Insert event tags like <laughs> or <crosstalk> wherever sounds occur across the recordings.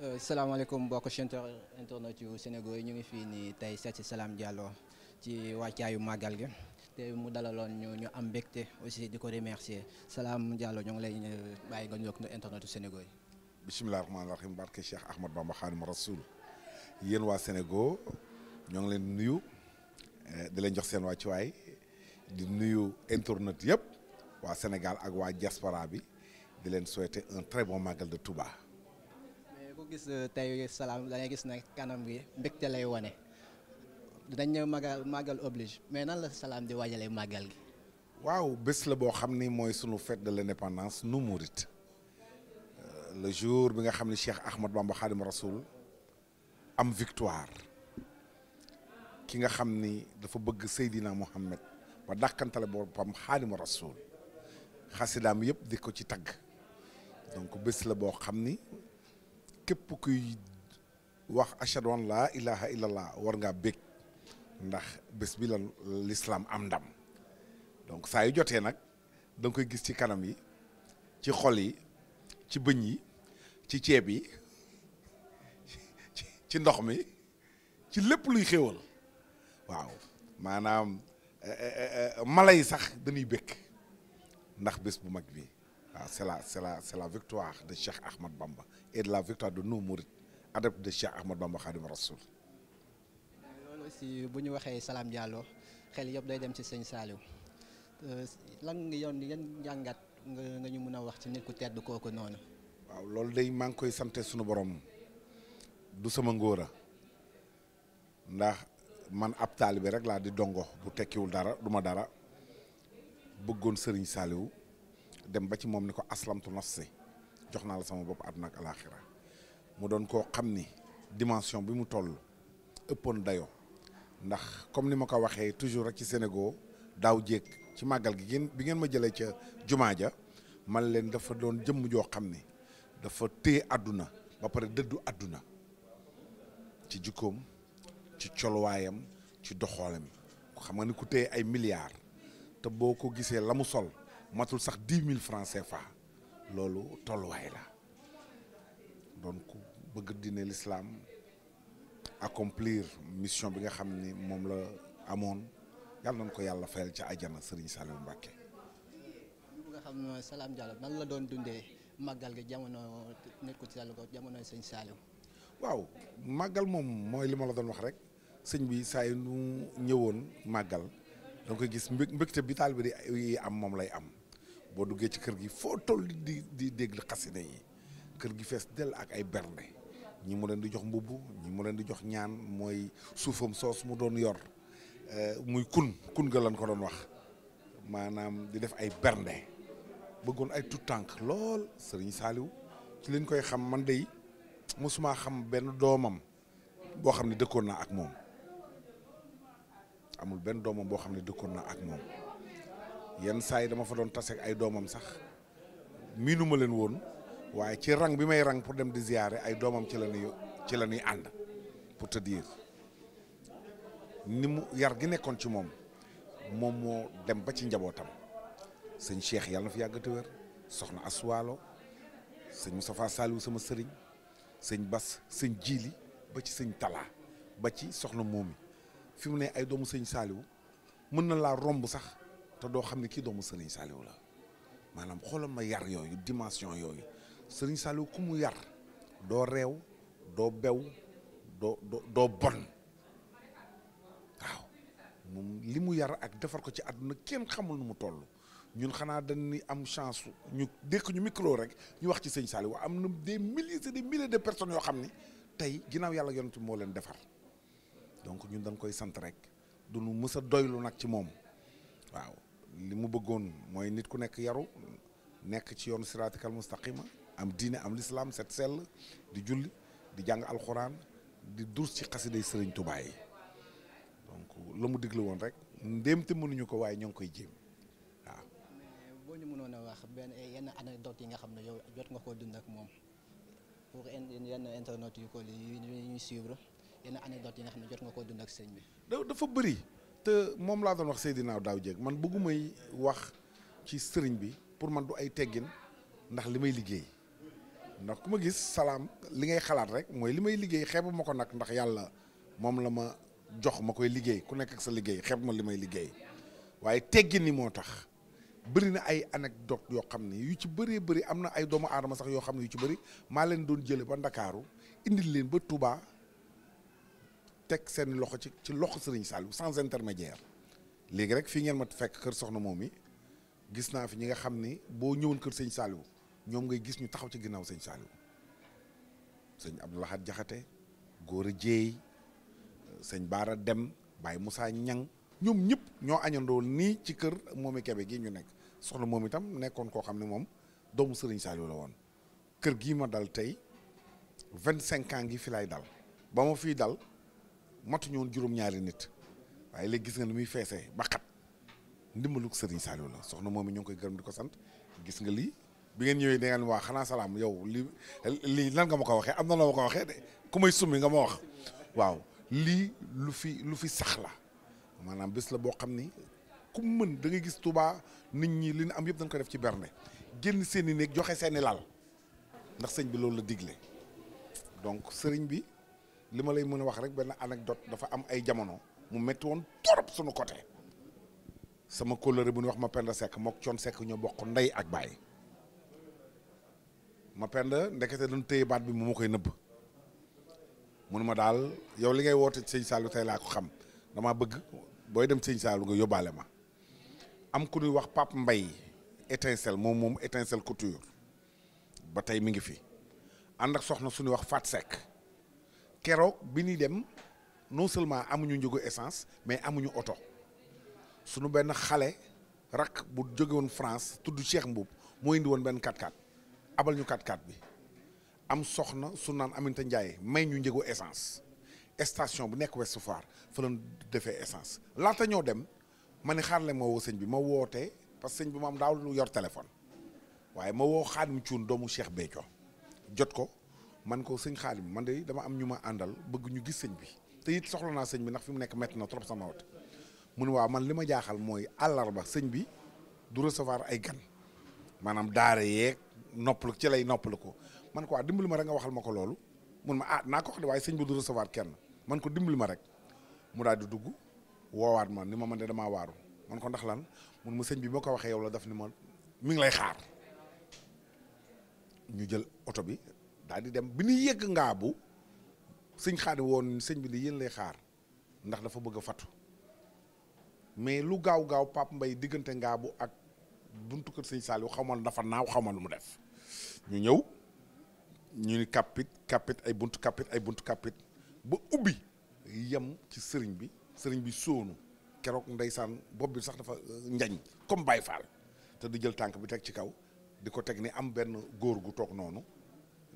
Euh, salaamaaleykum mbokk chanteur internet yu Sénégal yi ñu ngi fii nii tey seet si salaam Diallo ci wàccaayu màggal gi te mu dalaloon ñu ñu am mbégte aussi di ko remercier Salam Diallo ñoo ngi lay euh, bàyyi nga ñëw internet yu Sénégal yi. bisimilah rahmaani rahim barke Cheikh Ahmad Bamba Xaadimu Rasuul yéen waa Sénégal ñoo ngi leen nuyu eh, di leen jox seen wàccuwaay di nuyu internet yëpp waa Sénégal ak waa diaspora bi di leen souhaiter un très bon màggal de Touba. gis euh, tey salaam dangay gis ne kanam gi mbégte lay wone dinañ ne màggal màggal oblige mais nan la salaam di waajalee màggal gi. waaw bés la boo xam ni mooy sunu fête de l' indépendance nu euh, le jour bi nga xam ni Cheikh Ahmad Bamba Khadim Rasoul am victoire ki nga xam ni dafa bëgg Seydina Mohamed ba dàkkantale boppam Khadim Rasoul xasidaam yépp di ko ci tagg donc bés la boo xam ni. képp kuy wax ashhadu an laa ilaha illallah war ngaa bég ndax bés bi la l'islam am ndam donc saa yu jotee nag da koy gis ci kanam yi ci xol yi ci bëñ yi ci ceeb yi ci ndox mi ci lépp luy xéewal waaw maanaam eh, eh, eh, mala yi sax dañuy békk ndax bés bu mag bi Ah, c'est la, c'est la, c'est la victoire de Cheikh Ahmad Bamba et de la victoire de nous Mourides adeptes de Cheikh Ahmad Bamba Khadim Rasoul. bu ñu waxee salaam Diallo xel yëpp day dem ci sëñ Saliou euh, lan nga yoon yan njàngat nga nga ñu mën a wax ci nit ku tedd kooku noonu. waaw loolu day maa ngi koy sante suñu borom du sama ngóora ndax man ab taalibe rek laa di dongo bu tekkiwul dara duma dara bëggoon sëriñ Saliou. dem ba ci moom ni ko aslamtu nafsi jox naa la sama bopp àdduna ak alaaxira mu doon koo xam ni dimension bi mu toll ëppoon dayo ndax comme ni ma ko waxee toujours rek ci Sénégal daaw jéeg ci màggal gi ngeen bi ngeen ma jëlee ca jumaa ja man leen dafa doon jëmm joo xam ni dafa téye àdduna ba pare dëddu àdduna ci jikkoom ci colwaayam ci doxoolam xam nga ni ku téye ay milliards te boo ko gisee la mu sol matul sax dix mille francs CFA loolu tolluwaay la donc bëgg diine l'islam accomplir mission bi nga xam ni moom la amoon yàlla nañ ko yàlla fayal ca àjjana Serigne Saliou Mbacké. bu nga xam ne Salam Diallo la doon dundee màggal gi jamono nekkul ci jamono sëñ Saliou. waaw màggal moom mooy li ma la doon wax rek sëñ bi saa yu nu ñëwoon màggal da nga koy gis mbégte bi taal bi di am moom lay am. boo duggee ci kër gi foo toll di di dégg xasida yi kër gi fees dell ak ay bernde ñi mu leen di jox mbubb ñi mu leen di jox ñaan mooy suufam soos mu doon yor eh, muy kun kun ga ko doon wax maanaam di def ay bernde bëggoon ay tout tànk lool sëriñ Saaliw ci leen koy xam man de day mosuma xam benn doomam boo xam ne dëkkoon naa ak moom amul benn doomam boo xam ne dëkkoon naa ak moom yenn saa yi dama fa doon tase ay doomam sax miinuma leen woon waaye ci rang bi may rang pour dem di ziyaare ay doomam ci la ñuy ci la ñuy ànd pour te dire ni mu yar gi nekkoon ci moom moom moo dem ba ci njabootam sëñ Cheikh yàlla na fi yàgg te wér soxna Aswaalo sëñ Moustapha Saliou sama sëriñ sëñ Bas sëñ Jili ba ci sëñ Talla ba ci soxna Momi fi mu ne ay doomu sëñ saaliw mën na laa romb sax. te doo xam ne kii doomu Serigne Saliou la maanaam xoolal ma yar yooyu dimension yooyu Serigne Saliou ku mu yar doo reew doo bew doo doo doo bon waaw moom li mu yar ak defar ko ci àdduna kenn xamul nu mu toll ñun xanaa dañ ni am chance ñu dékk ñu micro rek ñu wax ci sëñ Saliou waa am na des milliers et des milliers de personnes yoo xam ni tey ginnaaw yàlla yonent bi moo leen defar donc ñun dañ koy sant rek du ñu mës a doylu nag ci moom waaw li mu bëggoon mooy nit ku nekk yaru nekk ci yoonu siraatikal mustaqima am diine am lislaam set sell di julli di jàng alxuraan di durs ci xasiday sëriñ Tuubaa yi donc la mu digle woon rek te mënuñu ko waaye ñoo ngi koy jéem waaw. boo ñu mënoon a wax benn yenn anecdote yi nga xam ne yow jot nga koo dund ak moom pour yenn internet yu ko yi ñuy suivre yenn anecdote yi nga xam ne jot nga koo dund ak sëñ bi. dafa bëri. te moom laa doon wax Seydina daaw jéeg man bëggumay wax ci sëriñ bi pour man du ay teggin ndax li may liggéey ndax ku ma gis salaam li ngay xalaat rek mooy li may liggéey xeebu ma ko nag ndax yàlla moom la ma jox ma koy liggéey ku nekk sa liggéey xeeb ma li may liggéey waaye teggin ni moo tax bëri na ay anecdote yoo xam ne yu ci bëree bëri am na ay doomu aadama sax yoo xam ne yu ci bëri maa leen doon jële ba Ndakaaru indil leen ba Touba teg seen loxo ci ci loxo Serigne Saliou sans intermédiaire léegi rek fii ngeen ma fekk kër soxna moom yi gis naa fi ñi nga xam ni boo ñëwoon kër sëñ Saliou ñoom ngay gis ñu taxaw ci ginnaaw sëñ Saliou sëñ Abdoulahat Jaxate Góora Jéey sëñ Baara Dem Baye Moussa Ñang ñoom ñëpp ñoo añandoo nii ci kër moomi Kebe gi ñu nekk soxna moom itam nekkoon koo xam ne moom doomu sëriñ Saliou la woon kër gii ma dal tey vingt cinq ans gi fi lay dal ba ma fii dal matuñu woon juróom-ñaari nit waaye léegi gis nga ni muy feesee ba xat ndimbalug Serigne Saliou la soxna moom mi ñu koy gërëm di ko sant gis nga lii bi ngeen ñëwee da ngeen waa xanaa salaam yow lii lii lan nga ma ko waxee am na la ma ko waxee de ku may summi nga ma wax waaw lii lu fi lu fi sax la maanaam bés la boo xam ni ku mën da gis Touba nit ñi li ñu am yëpp dañ ko def ci berne génn seen i néeg joxe seeni i lal ndax sëñ bi loolu la digle donc sëriñ bi. li ma lay mën a wax rek benn anecdote dafa am ay jamono mu métti woon torop suñu côté sama kóllëre bu ñu wax ma penda sekk mook coon sekk ñoo bokk ak baay ma ndekete dañu téye baat bi mu ma koy nëbb mu ma daal yow li ngay woote sëñ Saalu tey xam damaa bëgg booy dem sëñ Saalu nga yóbbaale ma am ku ñuy wax Pape Mbaye étincelle moom moom étincelle couture ba tey mi ngi fi ànd ak soxna suñu wax Fat Seck keroog bi ñuy dem non seulement amuñu njëgu essence mais amuñu oto suñu benn xale rak bu jóge woon France tudd Cheikh Mbuub moo indi woon benn 4 x abal ñu 4 x bi am soxna su naan Aminta Ndiaye may ñu njëgu essence station bu nekk Ouest Foire fa la defee essence laata ñoo dem ma ne xaarale ma woo sëñ bi ma wootee parce que sëñ bi moom daawul yor téléphone waaye ma woo Xaadim Cuun doomu Cheikh Béthio jot ko man ko sëñ xaalim man de dama am ñu ma àndal bëgg ñu gis sëñ bi te it soxla naa sëñ bi ndax fi mu nekk metti na trop sama wat mu ne man li ma jaaxal mooy àllarba sëñ bi du recevoir ay gan maanaam daara yeeg noppalu ci lay noppalu ko man ko waa ah, dimbali ma rek nga waxal ma ko loolu mun ma ah naa ko wax waaye sëñ bi du recevoir kenn man ko dimbali ma rek mu daal di dugg wowaat ma ni ma man de damaa waaru man ko ndax lan mun ma sëñ bi moo ko waxee yow la daf ni ma mi ngi lay xaar ñu jël oto bi daal di dem bi ñuy yëgg ngaabu sëñ xaadi woon sëñ bi di yéen lay xaar ndax dafa bëgg a fatu mais lu gaaw gaaw Pape Mbaye diggante ngaabu ak buntu ko sëñ Saliou xaw ma dafa naaw xaw ma lu mu def ñu ñëw ñu ni kapit kapit ay buntu kapit ay buntu kapit ba ubbi yem ci sëriñ bi sëriñ bi soonu keroog ndeysaan bopp bi sax dafa euh, njañ comme Baye Fall te di jël tànk bi teg ci kaw di ko teg ni am benn góor gu toog noonu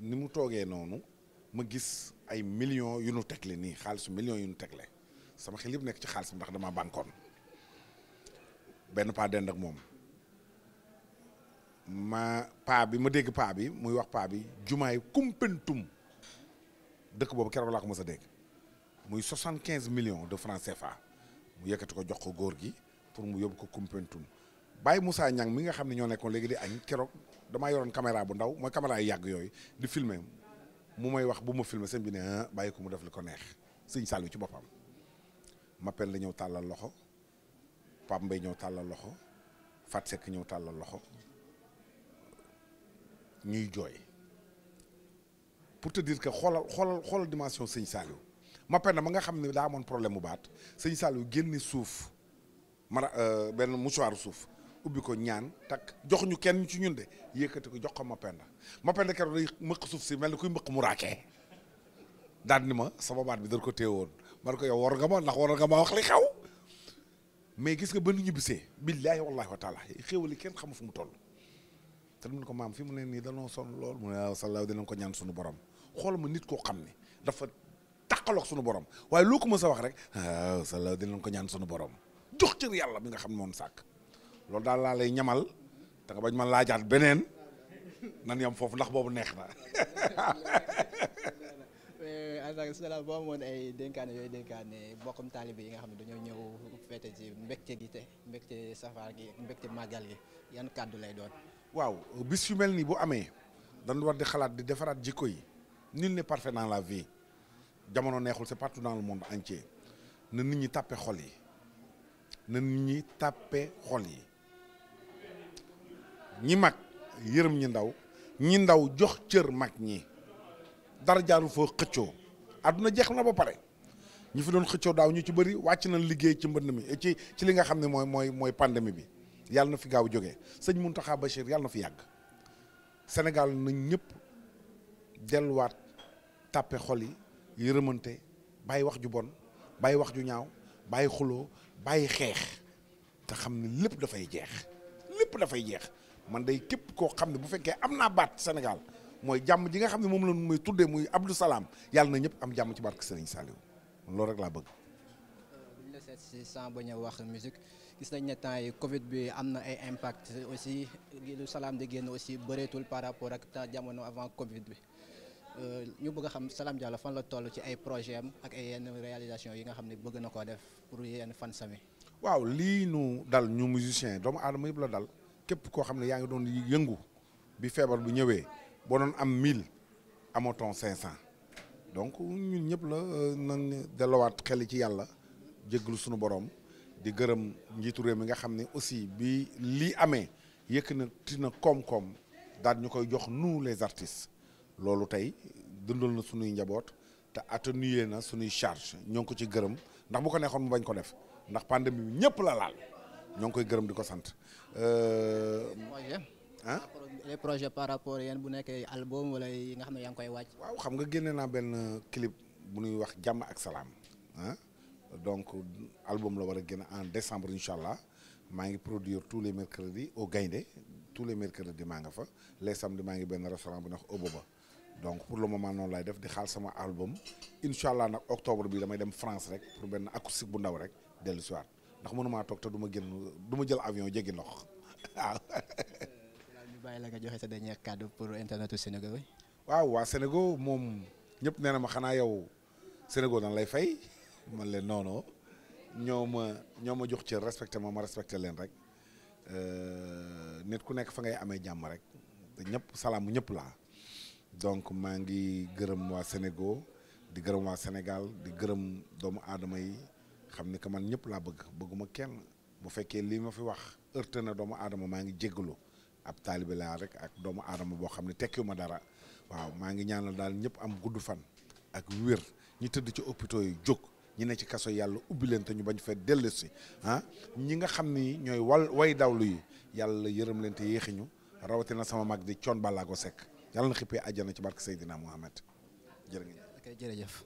ni mu toogee noonu ma gis ay millions yu nu tegle nii xaalisu millions yu nu tegle sama xel yëpp nekk ci xaalis bi ndax dama bànkoon benn paa dend moom ma paa bi ma dégg paa bi muy wax paa bi jumaay kumpentum dëkk boobu keroog laa ko mës a dégg muy soixante quinze million de francs CFA mu yëkkati ko jox ko góor gi pour mu yóbbu ko kumpentum bàyyi Moussa Niang mi nga xam ne ñoo nekkoon léegi di añ keroog damaa yoroon caméra bu ndaw mooy caméra yu yàgg yooyu di filmer mu may wax bu ma filmer sëñ bi ne ah, bàyyi ko mu def li ko neex sëñ Saliou ci boppam Mapel la ñëw tàllal loxo Pape Mbaye ñëw tàllal loxo fatsek Seck ñëw tàllal loxo ñuy jooy pour te dire que xoolal xoolal xoolal dimension sëñ Saliou Mapel na ma nga xam ne daa amoon problème bu baat sëñ Saliou génne suuf mara euh, benn mouchoir suuf ubbi ko ñaan takk jox ñu kenn ci ñun de yëkkati ko jox ko Mapenda Mapenda keroog day mëq suuf si mel ni kuy mëq mu raakee daan ni ma sama baat bi dañ ko téewoon man ko yow war nga ma ndax war nga ma wax li xew mais gis nga ba nu ñibbisee billaahi wallaahi wa taala i kenn xamu fu mu toll te mun ko maam fi mu ne nii danoo sonn lool mu ne waaw ah, sallaaw dinañ ko ñaan suñu borom xool ma nit koo xam ne dafa taqaloog sunu borom waaye loo ko mës sa wax rek waaw ah, sallaaw dinañ ko ñaan suñu borom yàlla mi nga xam ne moom sàkk loolu daal laa lay ñamal te nga bañ ma laajaat beneen nan yam foofu ndax boobu neex na. asalaamaaleykum <laughs> boo amoon ay dénkaane yooyu dénkaane bokkum taalibe yi nga xam ne dañoo ñëw fete ci mbégte gi te mbégte safaar gi mbégte màggal yi yan kàddu lay doon. waaw bis yu mel nii bu amee dañu war di xalaat di defaraat jikko yi nul n'est parfait dans la vie jamono neexul c'est partout dans le monde entier na nit ñi tàppe xol yi na nit ñi tàppe xol yi ñi mag yërëm ñi ndaw ñi ndaw jox cër mag ñi dara jaaru foo xëccoo àdduna jeex na ba pare ñi fi doon xëccoo daaw ñu ci bëri wàcc nañ liggéey ci mbënn mi ci ci li nga xam ne mooy mooy mooy pandémie bi yàlla na fi gaaw jóge sëñ Mountakha Bachir yàlla na fi yàgg senegal nañ ñëpp delluwaat tàppe xol yi yërëmante bàyyi wax ju bon bàyyi wax ju ñaaw bàyyi xuloo bàyyi xeex te xam ni lépp dafay jeex lépp dafay jeex man de képp koo xam ne bu fekkee am naa baat Sénégal mooy jàmm ji nga xam ne moom la muy tuddee muy Abdou salaam yàlla na ñëpp am jàmm ci barke Serigne Saliou loolu rek laa bëgg. Euh, buñ la seet wax musique gis nañ ne temps yi bi am na ay impact aussi Abdou Salam di génn aussi bëreetul par rapport ak temps jamono avant Covid bi euh, ñu bëgg a xam Salam Diallo fan la toll ci ay projet ak ay yenn réalisation yi nga xam ne bëgg na koo def pour yenn fan sami waaw lii nu dal ñu musicien doomu aadama yëpp la dal. képp koo xam ne yaa ngi doon yëngu bi feebar bu ñëwee boo doon am 1000 cinq 500 donc ñun ñëpp la euh, nañ delluwaat xel ci yàlla jéggalu suñu borom di gërëm njiitu réew mi nga xam ne aussi bi lii amee yëkk na koom-koom daal ñu koy jox nu les artistes loolu tey dundal na suñuy njaboot te atténuer na suñuy charge ñoo ngi ko ci gërëm ndax bu ko neexoon mu bañ ko def ndax pandémie bi ñëpp la laal. ñoo ngi koy gërëm di ko sant. ah les projets par rapport yan bu nekkee album wala yi nga xam ne yaa ngi koy wàcc. waaw xam nga génne naa benn clip bu ñuy wax jàmm ak salaam ah donc album la war a génn en décembre incha allah maa ngi produire tous les mercredis au gainde tous les mercredis maa nga fa les samedi maa ngi benn restaurant bu neex Oboba donc pour le moment noonu lay def di xaal sama album incha allah nag octobre bi damay dem France rek pour benn acoustique bu ndaw rek dellu ndax mënuma toog te du ma génn du ma jël avion jéggi ndox waaw. ñu bàyyi la nga joxe sa dernier kàddu pour internetu Sénégal waaw waa Sénégal moom ñëpp nee na ma xanaa yow Sénégal dañ lay fay ma leen noonu ñoo ma ñoo ma jox ci respecté ma ma respecté leen rek euh, nit ku nekk fa ngay amee jàmm rek te ñëpp salaam ñëpp laa donc maa ngi gërëm waa Sénégal di gërëm waa Sénégal di gërëm doomu aadama yi. xam ni que man ñëpp laa bëgg bëgguma kenn bu fekkee lii ma fi wax heurte na doomu aadama maa ngi jéggalu ab taalibe laa rek ak doomu aadama boo xam ne tekkiwuma dara waaw maa ngi ñaanal daal ñëpp am gudd fan ak wér ñi tëdd ci hôpitaux yi jóg ñi ne ci kaso yàlla ubbi leen te ñu bañ fee dellu si ah ñi nga xam ni ñooy wal way dawlu yi yàlla yërëm leen te yéexiñu rawatina sama mag di coon balaago sekk yàlla na xippee àjjana ci barke Seydina Muhammad jërë ngeen ok